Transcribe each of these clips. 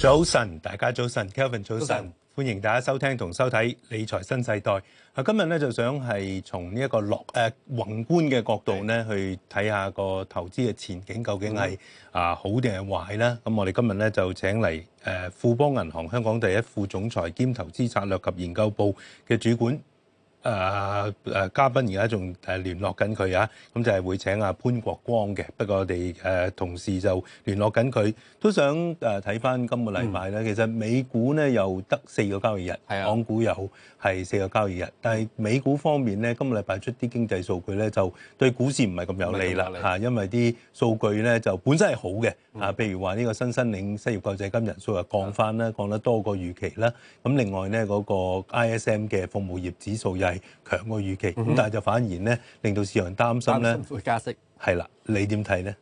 早晨，大家早晨，Kevin 早晨，歡迎大家收聽同收睇理財新世代。啊，今日咧就想係從呢一個落誒宏觀嘅角度咧去睇下個投資嘅前景究竟係啊好定係壞咧？咁我哋今日咧就請嚟誒富邦銀行香港第一副總裁兼投資策略及研究部嘅主管。誒、啊、誒、啊，嘉賓而家仲誒聯絡緊佢啊，咁就係會請阿潘國光嘅，不過我哋誒、啊、同事就聯絡緊佢，都想誒睇翻今個禮拜咧、嗯，其實美股咧又得四個交易日、嗯，港股又好。係四個交易日，但係美股方面咧，今個禮拜出啲經濟數據咧，就對股市唔係咁有利啦，因為啲數據咧就本身係好嘅嚇，譬、嗯、如話呢個新申領失業救濟金人數又降翻啦，降得多過預期啦。咁另外咧嗰、嗰個 ISM 嘅服務業指數又係強過預期，咁、嗯、但係就反而咧令到市場擔心咧會加息。係啦，你點睇咧？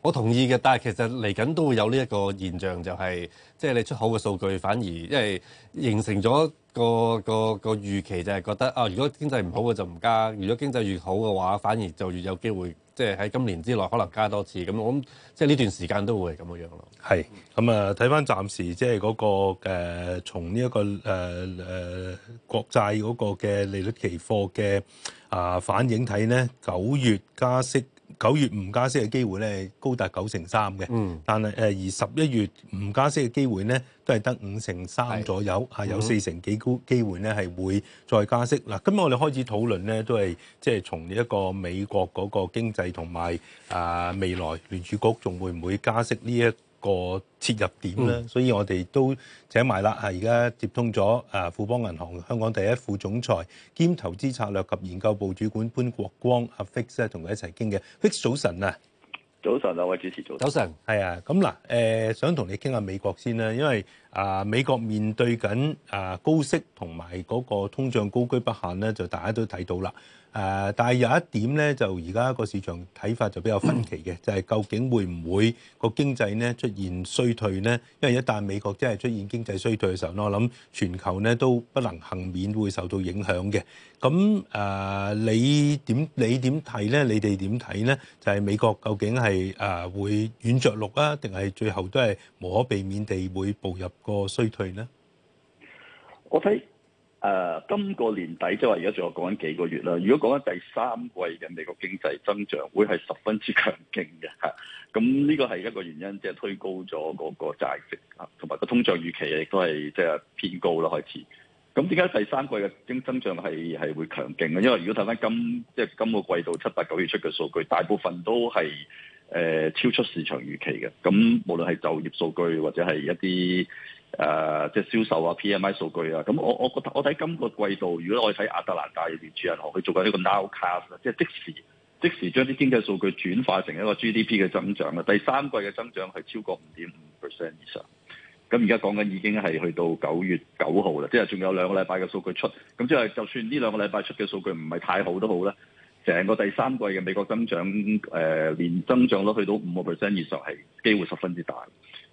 我同意嘅，但係其實嚟緊都會有呢一個現象、就係，就係即係你出口嘅數據反而因為形成咗。個個個預期就係覺得啊，如果經濟唔好嘅就唔加，如果經濟越好嘅話，反而就越有機會，即係喺今年之內可能加多次。咁我諗即係呢段時間都會係咁嘅樣咯。係咁啊，睇返暫時即係嗰、嗰個嘅從呢一個誒誒、呃、國際嗰個嘅利率期貨嘅啊反映睇咧，九月加息。九月唔加息嘅機會咧，高達九成三嘅。嗯。但係誒，而十一月唔加息嘅機會咧，都係得五成三左右。係有四成幾高機會咧，係會再加息。嗱，今日我哋開始討論咧，都係即係從呢一個美國嗰個經濟同埋啊未來聯儲局仲會唔會加息呢一個切入點啦，所以我哋都請埋啦。係而家接通咗誒富邦銀行香港第一副總裁兼投資策略及研究部主管潘國光阿 Fix 啊，同佢一齊傾嘅。Fix 早晨啊，早晨啊，兩位主持早晨早晨。係啊。咁嗱，誒、呃，想同你傾下美國先啦，因為啊，美國面對緊誒高息同埋嗰個通脹高居不下咧，就大家都睇到啦。誒，但係有一點咧，就而家個市場睇法就比較分歧嘅，就係究竟會唔會個經濟咧出現衰退呢？因為一旦美國真係出現經濟衰退嘅時候，我諗全球咧都不能幸免會受到影響嘅。咁誒，你點你點睇咧？你哋點睇咧？就係美國究竟係誒會軟著陸啊，定係最後都係無可避免地會步入個衰退呢？我睇。誒、呃，今個年底即係話，而家仲有講緊幾個月啦。如果講緊第三季嘅美國經濟增長，會係十分之強勁嘅嚇。咁呢個係一個原因，即、就、係、是、推高咗嗰個債息啊，同埋個通脹預期亦都係即係偏高啦開始。咁點解第三季嘅經濟增長係係會強勁嘅？因為如果睇翻今即、就是、今個季度七八九月出嘅數據，大部分都係、呃、超出市場預期嘅。咁無論係就業數據或者係一啲。誒、呃，即係銷售啊、P M I 數據啊，咁我我覺得我睇今個季度，如果我睇亞特蘭大聯儲銀行，行去做緊一個 nowcast，即係即時、即時將啲經濟數據轉化成一個 G D P 嘅增長，第三季嘅增長係超過五點五 percent 以上。咁而家講緊已經係去到九月九號啦，即係仲有兩個禮拜嘅數據出，咁即係就算呢兩個禮拜出嘅數據唔係太好都好啦，成個第三季嘅美國增長年、呃、增長都去到五個 percent 以上，係機會十分之大。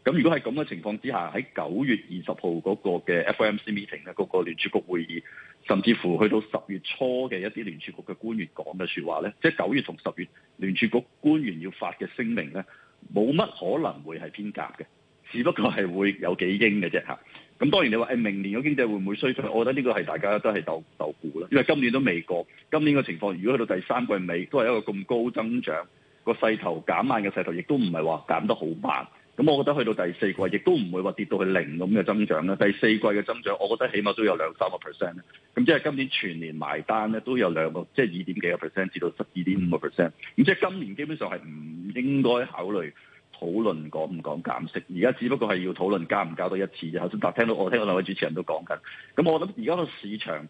咁如果係咁嘅情況之下，喺九月二十號嗰個嘅 FOMC meeting 啊，嗰個聯儲局會議，甚至乎去到十月初嘅一啲聯儲局嘅官員講嘅說話咧，即係九月同十月聯儲局官員要發嘅聲明咧，冇乜可能會係偏鴿嘅，只不過係會有幾鷹嘅啫嚇。咁當然你話誒，明年個經濟會唔會衰退？我覺得呢個係大家都係鬥鬥估啦，因為今年都未過，今年嘅情況如果去到第三季尾，都係一個咁高增長個勢頭減慢嘅勢頭，亦都唔係話減得好慢。咁我覺得去到第四季，亦都唔會話跌到去零咁嘅增長咧。第四季嘅增長，我覺得起碼都有兩三個 percent 咧。咁即係今年全年埋單咧，都有兩個，即係二點幾個 percent 至到十二點五個 percent。咁即係今年基本上係唔應該考慮討論講唔講減息。而家只不過係要討論加唔加多一次啫。頭先聽到我聽到兩位主持人都講緊，咁我諗而家個市場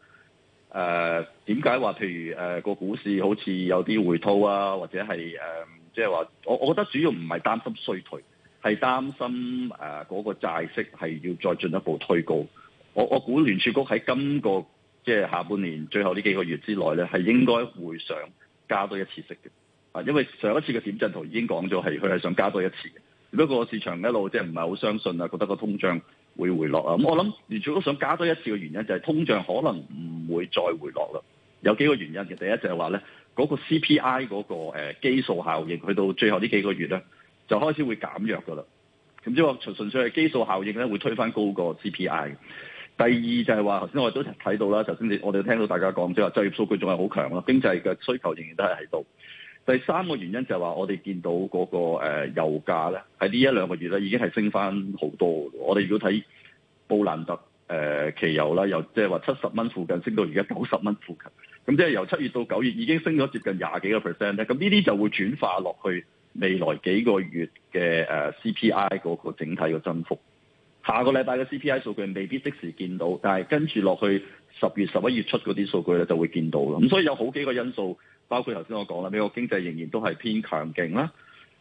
誒點解話譬如誒個、呃、股市好似有啲回吐啊，或者係誒即係話我我覺得主要唔係擔心衰退。係擔心誒嗰、呃那個債息係要再進一步推高我，我我估聯儲局喺今個即係下半年最後呢幾個月之內咧，係應該會想加多一次息嘅。啊，因為上一次嘅點陣圖已經講咗係佢係想加多一次嘅。如果個市場一路即係唔係好相信啊，覺得個通脹會回落啊，咁我諗聯儲局想加多一次嘅原因就係通脹可能唔會再回落啦。有幾個原因嘅，第一就係話咧嗰個 CPI 嗰、那個、呃、基數效應去到最後呢幾個月咧。就開始會減弱㗎啦，咁即係話純純粹係基數效應咧，會推返高個 CPI。第二就係話頭先我哋都睇到啦，頭先我哋聽到大家講，即係話就業數據仲係好強啦，經濟嘅需求仍然都係喺度。第三個原因就係話我哋見到嗰、那個、呃、油價咧，喺呢一兩個月咧已經係升翻好多。我哋如果睇布蘭特誒期、呃、油啦，由即係話七十蚊附近升到而家九十蚊附近，咁即係由七月到九月已經升咗接近廿幾個 percent 咧。咁呢啲就會轉化落去。未來幾個月嘅誒 CPI 嗰個整體嘅增幅，下個禮拜嘅 CPI 數據未必即時見到，但係跟住落去十月十一月出嗰啲數據咧就會見到啦。咁所以有好幾個因素，包括頭先我講啦，美國經濟仍然都係偏強勁啦，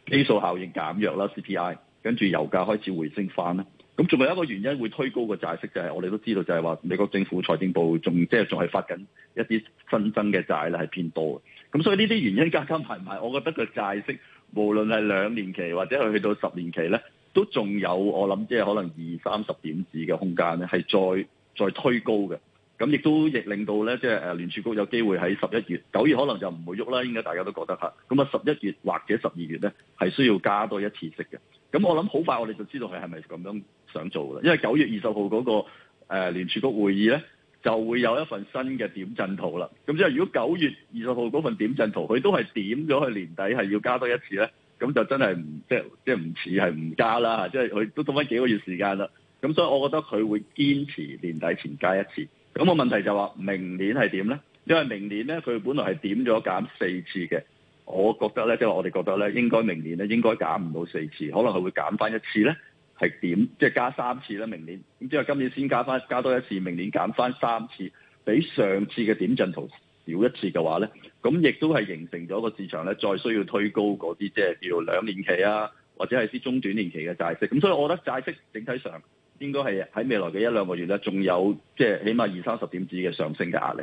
基數效應減弱啦，CPI，跟住油價開始回升翻啦。咁仲有一個原因會推高個債息，就係我哋都知道，就係話美國政府財政部仲即係仲係發緊一啲新增嘅債啦，係偏多嘅。咁所以呢啲原因加加埋埋，我覺得個債息。無論係兩年期或者去到十年期咧，都仲有我諗，即係可能二三十點子嘅空間咧，係再再推高嘅。咁亦都亦令到咧，即係誒聯儲局有機會喺十一月九月可能就唔會喐啦，應該大家都覺得吓。咁啊十一月或者十二月咧，係需要加多一次息嘅。咁我諗好快，我哋就知道佢係咪咁樣想做啦。因為九月二十號嗰個誒、呃、聯儲局會議咧。就會有一份新嘅點陣圖啦。咁即係如果九月二十號嗰份點陣圖，佢都係點咗去年底係要加多一次咧，咁就真係唔，即係即係唔似係唔加啦。即係佢都到翻幾個月時間啦。咁所以我覺得佢會堅持年底前加一次。咁個問題就係話明年係點咧？因為明年咧，佢本來係點咗減四次嘅，我覺得咧，即係我哋覺得咧，應該明年咧，應該減唔到四次，可能佢會減翻一次咧。係點即係加三次啦。明年咁即係今年先加翻加多一次，明年減翻三次，比上次嘅點陣圖少一次嘅話咧，咁亦都係形成咗個市場咧，再需要推高嗰啲即係叫兩年期啊，或者係啲中短年期嘅債息。咁所以我覺得債息整體上應該係喺未來嘅一兩個月咧，仲有即係起碼二三十點子嘅上升嘅壓力。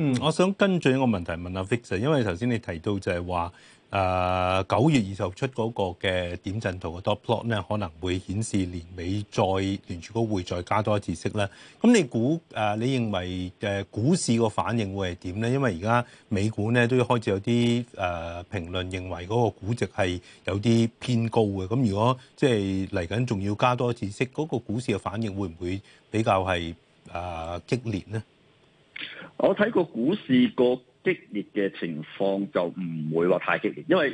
嗯，我想跟住一個問題問阿 Victor 因為頭先你提到就係話誒九月二十號出嗰個嘅點陣圖嘅 dot plot 咧，可能會顯示年尾再聯儲局會再加多一次息啦。咁你估誒、呃？你認為誒、呃、股市個反應會係點咧？因為而家美股咧都要開始有啲誒評論認為嗰個估值係有啲偏高嘅。咁如果即係嚟緊仲要加多一次息，嗰、那個股市嘅反應會唔會比較係誒、呃、激烈咧？我睇過個股市個激烈嘅情況就唔會話太激烈，因為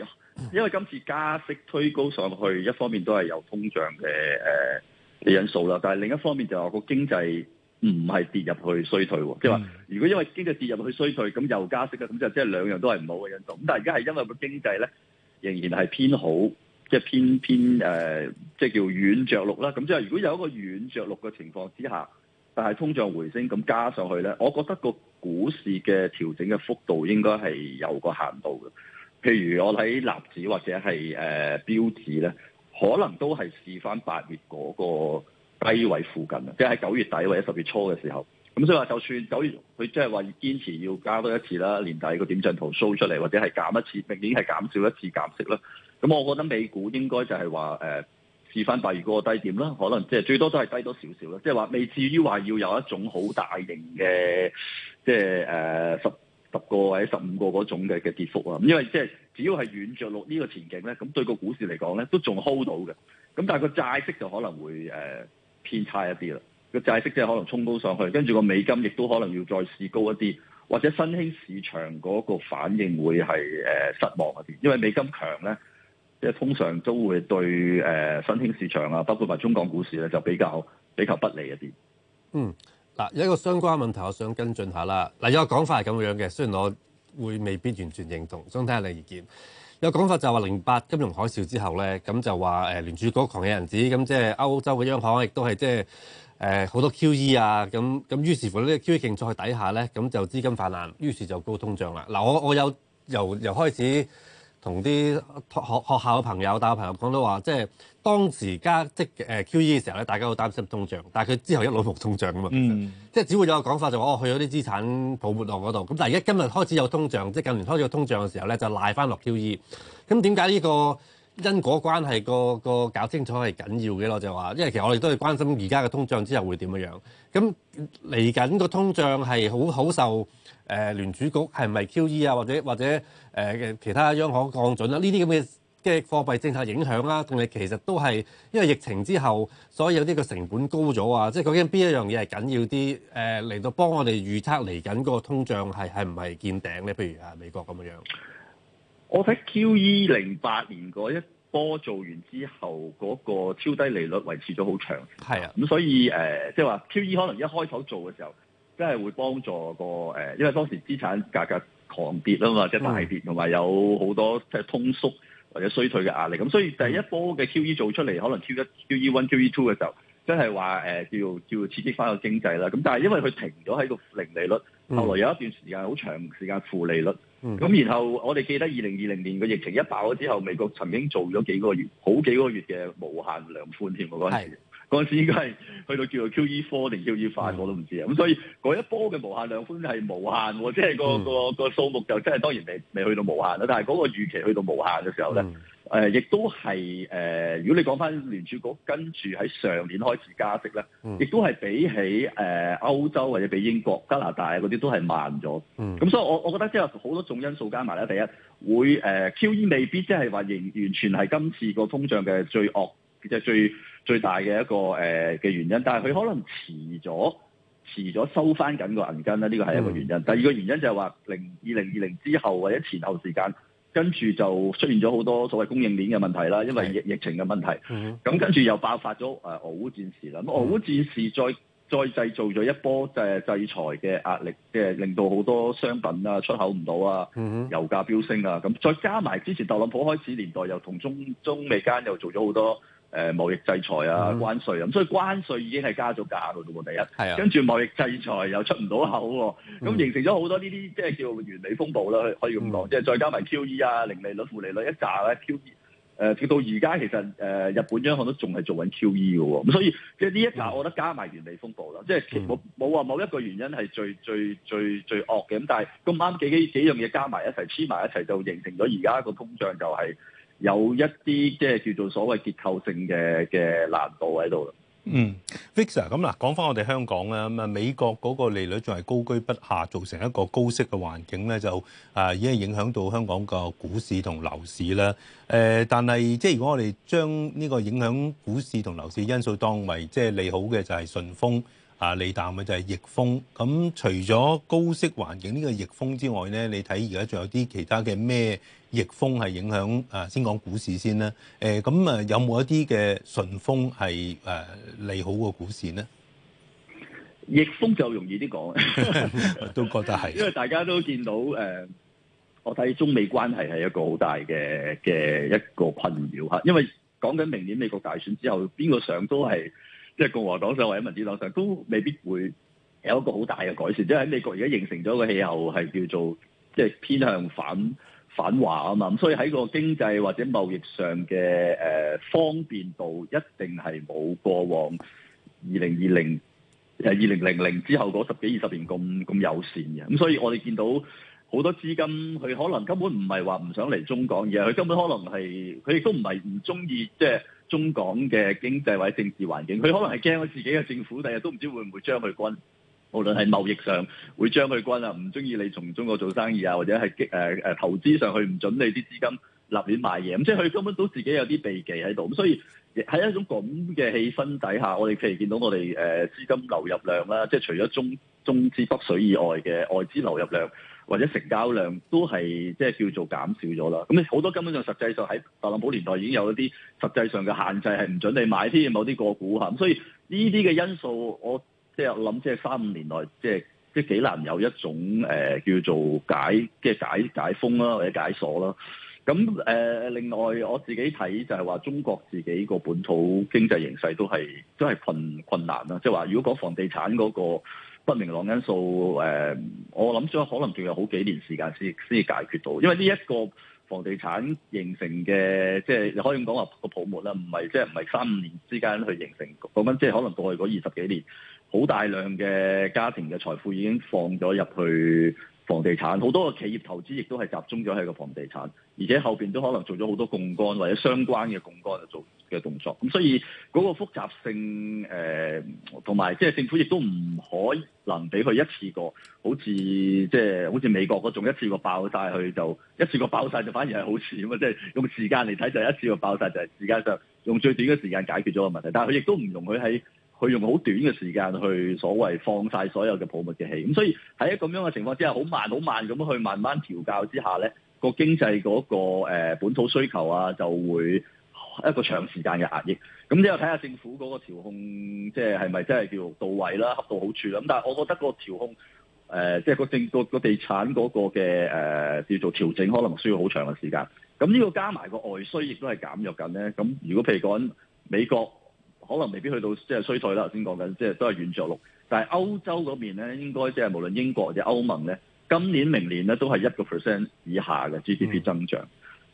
因為今次加息推高上去，一方面都係有通脹嘅、呃、嘅因素啦。但係另一方面就話個經濟唔係跌入去衰退，即係話如果因為經濟跌入去衰退，咁又加息啊，咁就即係兩樣都係唔好嘅因素。咁但係而家係因為個經濟咧仍然係偏好，即係偏偏、呃、即係叫軟着陸啦。咁即係如果有一個軟着陸嘅情況之下，但係通脹回升咁加上去咧，我覺得個股市嘅調整嘅幅度應該係有個限度嘅。譬如我喺納指或者係標指咧，可能都係試翻八月嗰個低位附近啊，即係九月底或者十月初嘅時候。咁所以話就算九月佢即係話堅持要加多一次啦，年底個點陣圖 show 出嚟或者係減一次，明年係減少一次減息啦。咁我覺得美股應該就係話試翻第二個低點啦，可能即係最多都係低多少少啦，即係話未至於話要有一種好大型嘅，即係誒十十個或者十五個嗰種嘅嘅跌幅啊。咁因為即係只要係軟着陸呢個前景咧，咁對個股市嚟講咧都仲 hold 到嘅。咁但係個債息就可能會誒偏差一啲啦。個債息即係可能衝高上去，跟住個美金亦都可能要再試高一啲，或者新興市場嗰個反應會係誒失望一啲，因為美金強咧。即係通常都會對誒新興市場啊，包括埋中港股市咧，就比較比較不利一啲。嗯，嗱，有一個相關問題我想跟進下啦。嗱，有個講法係咁樣嘅，雖然我會未必完全認同，想睇下你意見。有講法就話零八金融海嘯之後咧，咁就話誒聯儲局狂印銀紙，咁即係歐洲嘅央行亦都係即係誒好多 QE 啊，咁咁於是乎呢個 QE 政策底下咧，咁就資金泛濫，於是就高通脹啦。嗱，我我有由由開始。同啲學學校嘅朋友、大學朋友講到話，即、就、係、是、當時家即係 QE 嘅時候咧，大家都擔心通脹，但係佢之後一路冇通脹啊嘛，嗯、即係只會有個講法就話我、哦、去咗啲資產泡沫浪嗰度，咁但係而家今日開始有通脹，即係近年開始有通脹嘅時候咧，就賴翻落 QE，咁點解呢個？因果關係個個搞清楚係緊要嘅咯，就話，因為其實我哋都係關心而家嘅通脹之後會點樣樣。咁嚟緊個通脹係好好受誒聯儲局係唔係 QE 啊，或者或者誒、呃、其他央行降準啦、啊，呢啲咁嘅即係貨幣政策影響啦、啊，同埋其實都係因為疫情之後，所以有啲個成本高咗啊。即係究竟邊一樣嘢係緊要啲？誒嚟到幫我哋預測嚟緊嗰個通脹係係唔係見頂咧？譬如啊，美國咁嘅樣。我睇 Q E 零八年嗰一波做完之後，嗰、嗰個超低利率維持咗好長。係啊，咁、嗯、所以即係話 Q E 可能一開頭做嘅時候，真係會幫助個、呃、因為當時資產價格狂跌啊嘛，即、嗯就是、大跌，同埋有好多即係通縮或者衰退嘅壓力。咁、嗯、所以第一波嘅 Q E 做出嚟，可能 Q 一、Q E one、Q E two 嘅時候。真係話、呃、叫做叫刺激翻個經濟啦，咁但係因為佢停咗喺個零利率，後來有一段時間好、嗯、長時間負利率，咁、嗯、然後我哋記得二零二零年個疫情一爆咗之後，美國曾經做咗幾個月好幾個月嘅無限量寬添，嗰陣時，嗰陣時應該係去到叫做 QE four 定 QE five、嗯、我都唔知啊，咁所以嗰一波嘅無限量寬係無限，即、就、係、係個、嗯個、個數、個、目就真係當然未未去到無限啦，但係嗰個預期去到無限嘅時候咧。嗯誒、呃，亦都係誒、呃，如果你講翻聯儲局跟住喺上年開始加息咧，亦、嗯、都係比起誒、呃、歐洲或者比英國、加拿大嗰啲都係慢咗。咁、嗯、所以我我覺得即係好多種因素加埋咧，第一會誒、呃、QE 未必即係話仍完全係今次個通脹嘅最惡即係最最大嘅一個誒嘅、呃、原因，但係佢可能遲咗，遲咗收翻緊個銀根咧，呢、這個係一個原因、嗯。第二個原因就係話零二零二零之後或者前後時間。跟住就出現咗好多所謂供應鏈嘅問題啦，因為疫疫情嘅問題，咁跟住又爆發咗誒俄烏戰事啦。咁俄烏戰事再再製造咗一波制裁嘅壓力，即係令到好多商品啊出口唔到啊，油價飆升啊，咁再加埋之前特朗普開始年代又同中中美間又做咗好多。誒、呃、貿易制裁啊，關稅啊，咁、嗯、所以關稅已經係加咗價咯喎，第一，啊、跟住貿易制裁又出唔到口喎、啊，咁形成咗好多呢啲即係叫做完美理風暴啦，可以咁落、嗯，即係再加埋 QE 啊，零利率、負利率一紮咧、啊、QE，誒、呃，直到到而家其實誒、呃、日本央行都仲係做緊 QE 嘅喎、啊，咁所以即係呢一紮，我覺得加埋完美風暴啦、嗯，即係冇冇話某一個原因係最、嗯、最最最惡嘅，咁但係咁啱幾幾幾樣嘢加埋一齊黐埋一齊，就形成咗而家個通脹就係、是。有一啲即係叫做所謂結構性嘅嘅難度喺度啦。嗯，Vic 啊，咁嗱，講翻我哋香港啦，咁啊美國嗰個利率仲係高居不下，造成一個高息嘅環境咧，就啊已經影響到香港個股市同樓市啦。誒，但係即係如果我哋將呢個影響股市同樓市因素當為即係利好嘅，就係順風。啊，利淡嘅就係逆風。咁除咗高息環境呢個逆風之外咧，你睇而家仲有啲其他嘅咩逆風係影響啊？先講股市先啦。誒，咁啊有冇一啲嘅順風係誒利好個股市咧？逆風就容易啲講， 我都覺得係，因為大家都見到誒，我睇中美關係係一個好大嘅嘅一個困擾嚇，因為講緊明年美國大選之後，邊個上都係。即係共和黨上或者民主黨上都未必會有一個好大嘅改善，即係喺美國而家形成咗個氣候係叫做即係、就是、偏向反反華啊嘛，咁所以喺個經濟或者貿易上嘅誒、呃、方便度一定係冇過往二零二零誒二零零零之後嗰十幾二十年咁咁友善嘅，咁所以我哋見到好多資金佢可能根本唔係話唔想嚟中港而，佢根本可能係佢亦都唔係唔中意即係。就是中港嘅經濟或者政治環境，佢可能係驚我自己嘅政府第日都唔知會唔會將佢關，無論係貿易上會將佢關啊，唔中意你從中國做生意啊，或者係誒誒投資上去唔準你啲資金立亂賣嘢，咁即係佢根本都自己有啲避忌喺度，咁所以喺一種咁嘅氣氛底下，我哋譬如見到我哋誒、呃、資金流入量啦，即係除咗中中資北水以外嘅外資流入量或者成交量都係即係叫做減少咗啦。咁好多根本上實際上喺特朗普年代已經有一啲實際上嘅限制係唔准你買添某啲個股嚇。所以呢啲嘅因素，我即係諗即係三五年內、就是，即係即係幾難有一種誒、呃、叫做解即係解解封啦或者解鎖啦。咁誒、呃、另外我自己睇就係話中國自己個本土經濟形勢都係都係困困難啦。即係話如果講房地產嗰、那個。不明朗因素，誒，我諗咗，可能仲有好幾年時間先先至解決到，因為呢一個房地產形成嘅，即係你可以咁講話個泡沫啦，唔係即係唔係三五年之間去形成咁樣，即係可能過去嗰二十幾年，好大量嘅家庭嘅財富已經放咗入去。房地產，好多個企業投資亦都係集中咗喺個房地產，而且後邊都可能做咗好多槓桿或者相關嘅槓桿嘅做嘅動作。咁所以嗰個複雜性，誒，同埋即係政府亦都唔可能俾佢一次過，好似即係好似美國嗰種一次過爆晒去，就一次過爆晒，就反而係好似咁嘛！即係用時間嚟睇，就係一次過爆晒，就係時間上用最短嘅時間解決咗個問題，但係佢亦都唔容許喺。佢用好短嘅時間去所謂放晒所有嘅泡沫嘅氣，咁所以喺咁樣嘅情況之下，好慢好慢咁去慢慢調校之下咧，個經濟嗰個誒本土需求啊，就會一個長時間嘅壓抑。咁之後睇下政府嗰個，個調控，即係係咪真係叫到位啦，恰到好處啦。咁但係我覺得個調控誒，即係個政個個地產嗰個嘅誒、呃、叫做調整，可能需要好長嘅時間。咁呢個加埋個外需亦都係減弱緊咧。咁如果譬如講美國。可能未必去到即係衰退啦，頭先講緊，即係都係軟着陸。但係歐洲嗰邊咧，應該即係無論英國或者歐盟咧，今年明年咧都係一個 percent 以下嘅 GDP 增長。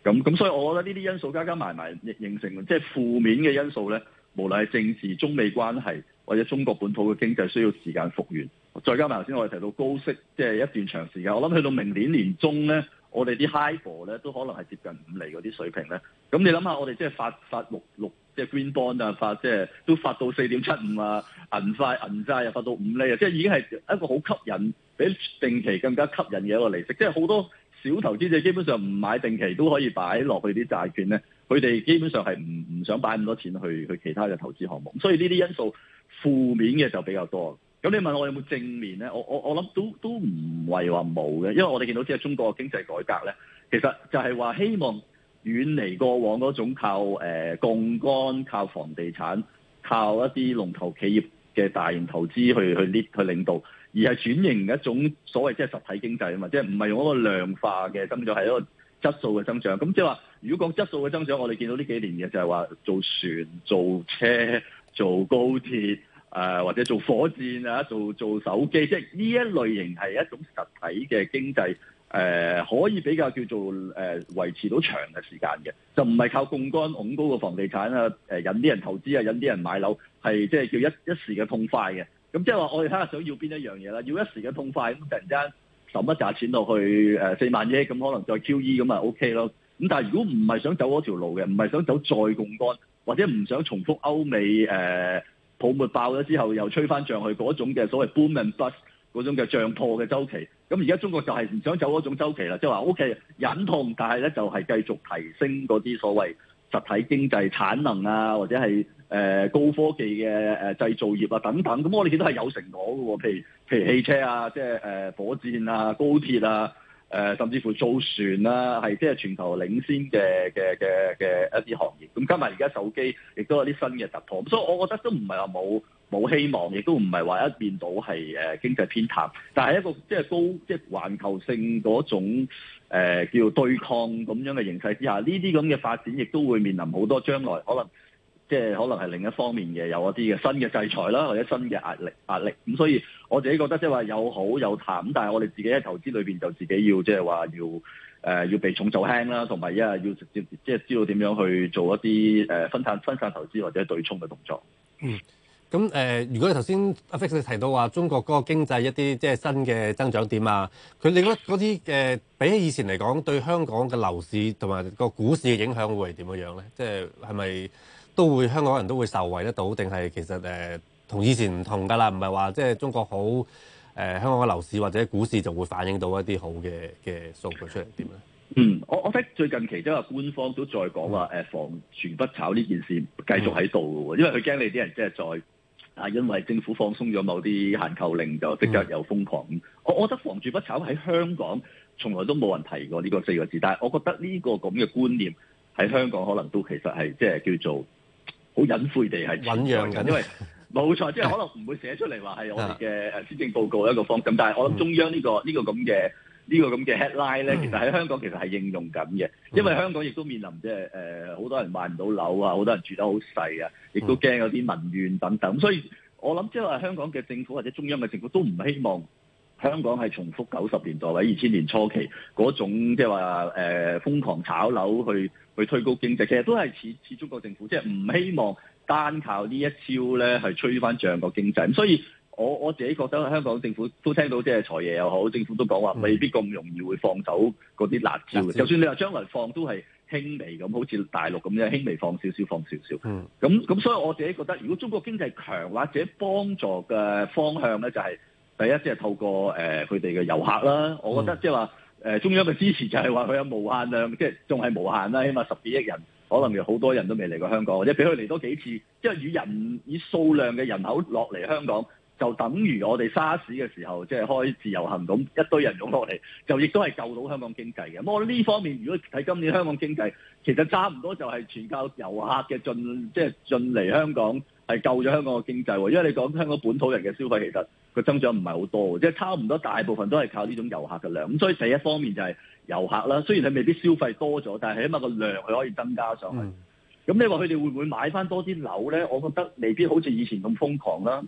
咁、嗯、咁，所以我覺得呢啲因素加加埋埋，形成即係、就是、負面嘅因素咧。無論係政治中美關係或者中國本土嘅經濟需要時間復原。再加埋頭先我哋提到高息，即、就、係、是、一段長時間。我諗去到明年年中咧。我哋啲 high bond 咧都可能係接近五厘嗰啲水平咧。咁你諗下，我哋即係發發六六即係 green bond 啊，發即係都發到四點七五啊，銀塊銀債又發到五厘啊，即係已經係一個好吸引比定期更加吸引嘅一個利息。即係好多小投資者基本上唔買定期都可以擺落去啲債券咧，佢哋基本上係唔唔想擺咁多錢去去其他嘅投資項目。所以呢啲因素負面嘅就比較多。咁你問我有冇正面咧？我我我諗都都唔係話冇嘅，因為我哋見到即係中國嘅經濟改革咧，其實就係話希望遠離過往嗰種靠槓桿、呃、靠房地產、靠一啲龍頭企業嘅大型投資去去 lead 去領導，而係轉型一種所謂即係實體經濟啊嘛，即係唔係用一個量化嘅增長，係一個質素嘅增長。咁即係話，如果講質素嘅增長，我哋見到呢幾年嘅就係話做船、做車、做高鐵。誒、呃、或者做火箭啊，做做手機，即係呢一類型係一種實體嘅經濟，誒、呃，可以比較叫做誒、呃、維持到長嘅時間嘅，就唔係靠槓桿拱高嘅房地產啊、呃、引啲人投資啊，引啲人買樓係即係叫一一時嘅痛快嘅。咁即係話我哋睇下想要邊一樣嘢啦，要一時嘅痛快咁，突然間十一賺錢落去誒四、呃、萬億咁，可能再 Q E 咁啊 OK 咯。咁但係如果唔係想走嗰條路嘅，唔係想走再槓桿，或者唔想重複歐美誒。呃泡沫爆咗之後又吹翻上去嗰種嘅所謂 boom and bust 嗰種嘅漲破嘅周期，咁而家中國就係唔想走嗰種週期啦，即係話 OK 忍痛，但係咧就係繼續提升嗰啲所謂實體經濟產能啊，或者係誒、呃、高科技嘅誒、呃、製造業啊等等，咁我哋見到係有成果嘅喎，譬如譬如汽車啊，即係誒、呃、火箭啊、高鐵啊。誒、呃、甚至乎造船啦、啊，係即係全球領先嘅嘅嘅嘅一啲行業。咁加埋而家手機亦都有啲新嘅突破。所以，我覺得都唔係話冇冇希望，亦都唔係話一面倒係誒經濟偏淡。但係一個即係高即係環球性嗰種、呃、叫對抗咁樣嘅形勢之下，呢啲咁嘅發展亦都會面臨好多將來可能。即係可能係另一方面嘅，有一啲嘅新嘅制裁啦，或者新嘅壓力壓力咁、嗯。所以我自己覺得即係話有好有淡，但係我哋自己喺投資裏邊就自己要即係話要誒、呃、要避重就輕啦，同埋一係要直接即係知道點樣去做一啲誒分散分散投資或者對沖嘅動作。嗯，咁誒、呃，如果你頭先阿 Fix 你提到話中國嗰個經濟一啲即係新嘅增長點啊，佢你覺得嗰啲誒比起以前嚟講，對香港嘅樓市同埋個股市嘅影響會係點樣咧？即係係咪？是都會香港人都會受惠得到，定係其實誒同、呃、以前唔同㗎啦，唔係話即係中國好誒、呃、香港嘅樓市或者股市就會反映到一啲好嘅嘅數據出嚟點咧？嗯，我我睇最近期都係官方都再講話誒房住不炒呢件事繼續喺度嘅，因為佢驚你啲人即係再。啊，因為政府放鬆咗某啲限購令，就即刻又瘋狂。我、嗯、我覺得房住不炒喺香港從來都冇人提過呢個四個字，但係我覺得呢個咁嘅觀念喺香港可能都其實係即係叫做。好隱晦地係存在嘅，因為冇錯，即係可能唔會寫出嚟話係我哋嘅誒施政報告的一個方，咁但係我諗中央呢個呢個咁嘅呢個咁嘅 headline 咧，其實喺香港其實係應用緊嘅，因為香港亦都面臨即係誒好多人買唔到樓啊，好多人住得好細啊，亦都驚有啲民怨等等，所以我諗即係話香港嘅政府或者中央嘅政府都唔希望，香港係重複九十年代或者二千年初期嗰種即係話誒瘋狂炒樓去去推高經濟，其實都係似中國政府即係唔希望單靠呢一招咧係吹翻漲個經濟。所以我我自己覺得香港政府都聽到即係財爺又好，政府都講話未必咁容易會放走嗰啲辣招。嗯。就算你話將來放都係輕微咁，好似大陸咁樣輕微放少少，放少少。嗯。咁咁，所以我自己覺得，如果中國經濟強或者幫助嘅方向咧，就係、是。第一即係、就是、透過誒佢哋嘅遊客啦，我覺得即係話誒中央嘅支持就係話佢有無限量，即係仲係無限啦，起碼十幾億人，可能好多人都未嚟過香港，或者俾佢嚟多幾次，即係以人以數量嘅人口落嚟香港，就等於我哋沙士嘅時候即係、就是、開自由行咁一堆人湧落嚟，就亦都係救到香港經濟嘅。咁我呢方面如果睇今年香港經濟，其實差唔多就係全靠遊客嘅進即係、就是、進嚟香港。係救咗香港嘅經濟，因為你講香港本土人嘅消費其實個增長唔係好多，即係差唔多大部分都係靠呢種遊客嘅量。咁所以第一方面就係遊客啦，雖然佢未必消費多咗，但係起碼個量佢可以增加上去。咁、嗯、你話佢哋會唔會買翻多啲樓咧？我覺得未必好似以前咁瘋狂啦。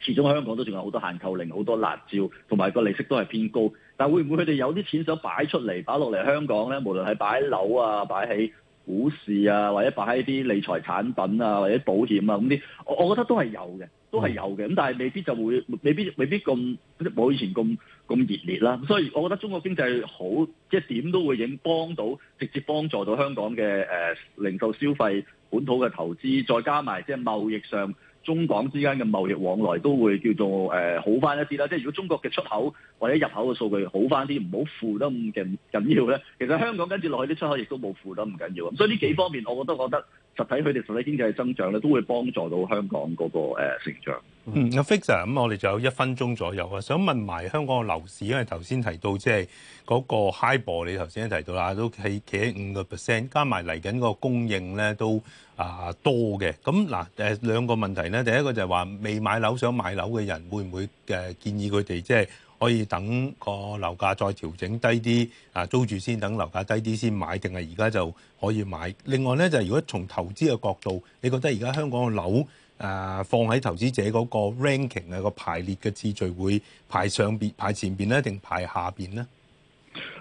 始終香港都仲有好多限購令、好多辣招，同埋個利息都係偏高。但係會唔會佢哋有啲錢想擺出嚟擺落嚟香港咧？無論係擺樓啊，擺起……股市啊，或者擺喺啲理財產品啊，或者保險啊，咁啲我我覺得都係有嘅，都係有嘅，咁但係未必就會未必未必咁冇以前咁咁熱烈啦。所以我覺得中國經濟好，即係點都會影幫到，直接幫助到香港嘅誒、呃、零售消費、本土嘅投資，再加埋即係貿易上。中港之間嘅貿易往來都會叫做誒好翻一啲啦，即係如果中國嘅出口或者入口嘅數據好翻啲，唔好負得咁緊要咧。其實香港跟住落去啲出口亦都冇負得唔緊要，所以呢幾方面我覺得我都覺得。實體佢哋實體經濟嘅增長咧，都會幫助到香港嗰個誒成長。嗯，阿 Fixer，咁我哋仲有一分鐘左右啊，想問埋香港嘅樓市，因為頭先提到即係嗰個 high ball，你頭先都提到啦，都企企喺五個 percent，加埋嚟緊個供應咧都啊多嘅。咁嗱誒兩個問題咧，第一個就係話未買樓想買樓嘅人，會唔會誒建議佢哋即係？可以等個樓價再調整低啲啊，租住先等樓價低啲先買，定係而家就可以買？另外咧，就係、如果從投資嘅角度，你覺得而家香港嘅樓、啊、放喺投資者嗰個 ranking 嗰個排列嘅次序會排上邊、排前邊咧，定排下邊咧？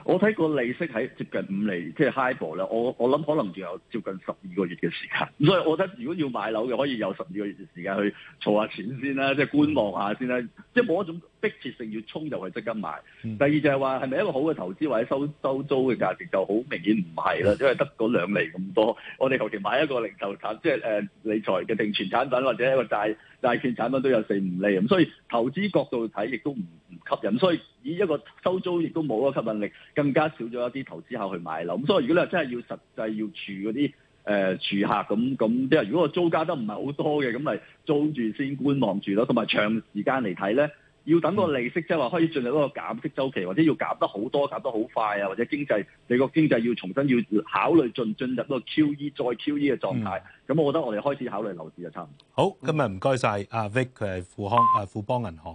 我睇個利息喺接近五厘，即係 highball 啦我我諗可能仲有接近十二個月嘅時間，所以我睇如果要買樓嘅，可以有十二個月嘅時間去儲下錢先啦，即係觀望下先啦。即係冇一種迫切性要衝入去即刻買。嗯。第二就係話，係咪一個好嘅投資或者收收租嘅價值，就好明顯唔係啦。嗯，因為得嗰兩釐咁多。我哋求其買一個零售產，即係，呃，理財嘅定存產品或者一個債債券產品都有四五厘。咁，所以投資角度睇亦都唔吸引，所以以一個收租亦都冇咗吸引力，更加少咗一啲投資客去買樓。咁所以如果你係真係要實際要住嗰啲誒住客咁咁，即係如果個租價都唔係好多嘅，咁咪租住先觀望住咯。同埋長時間嚟睇咧，要等個利息、嗯、即係話可以進入嗰個減息周期，或者要減得好多、減得好快啊，或者經濟你個經濟要重新要考慮進進入一個 QE 再 QE 嘅狀態。咁、嗯、我覺得我哋開始考慮樓市就差唔多。好，今日唔該晒阿 Vic，佢係富康啊富邦銀行。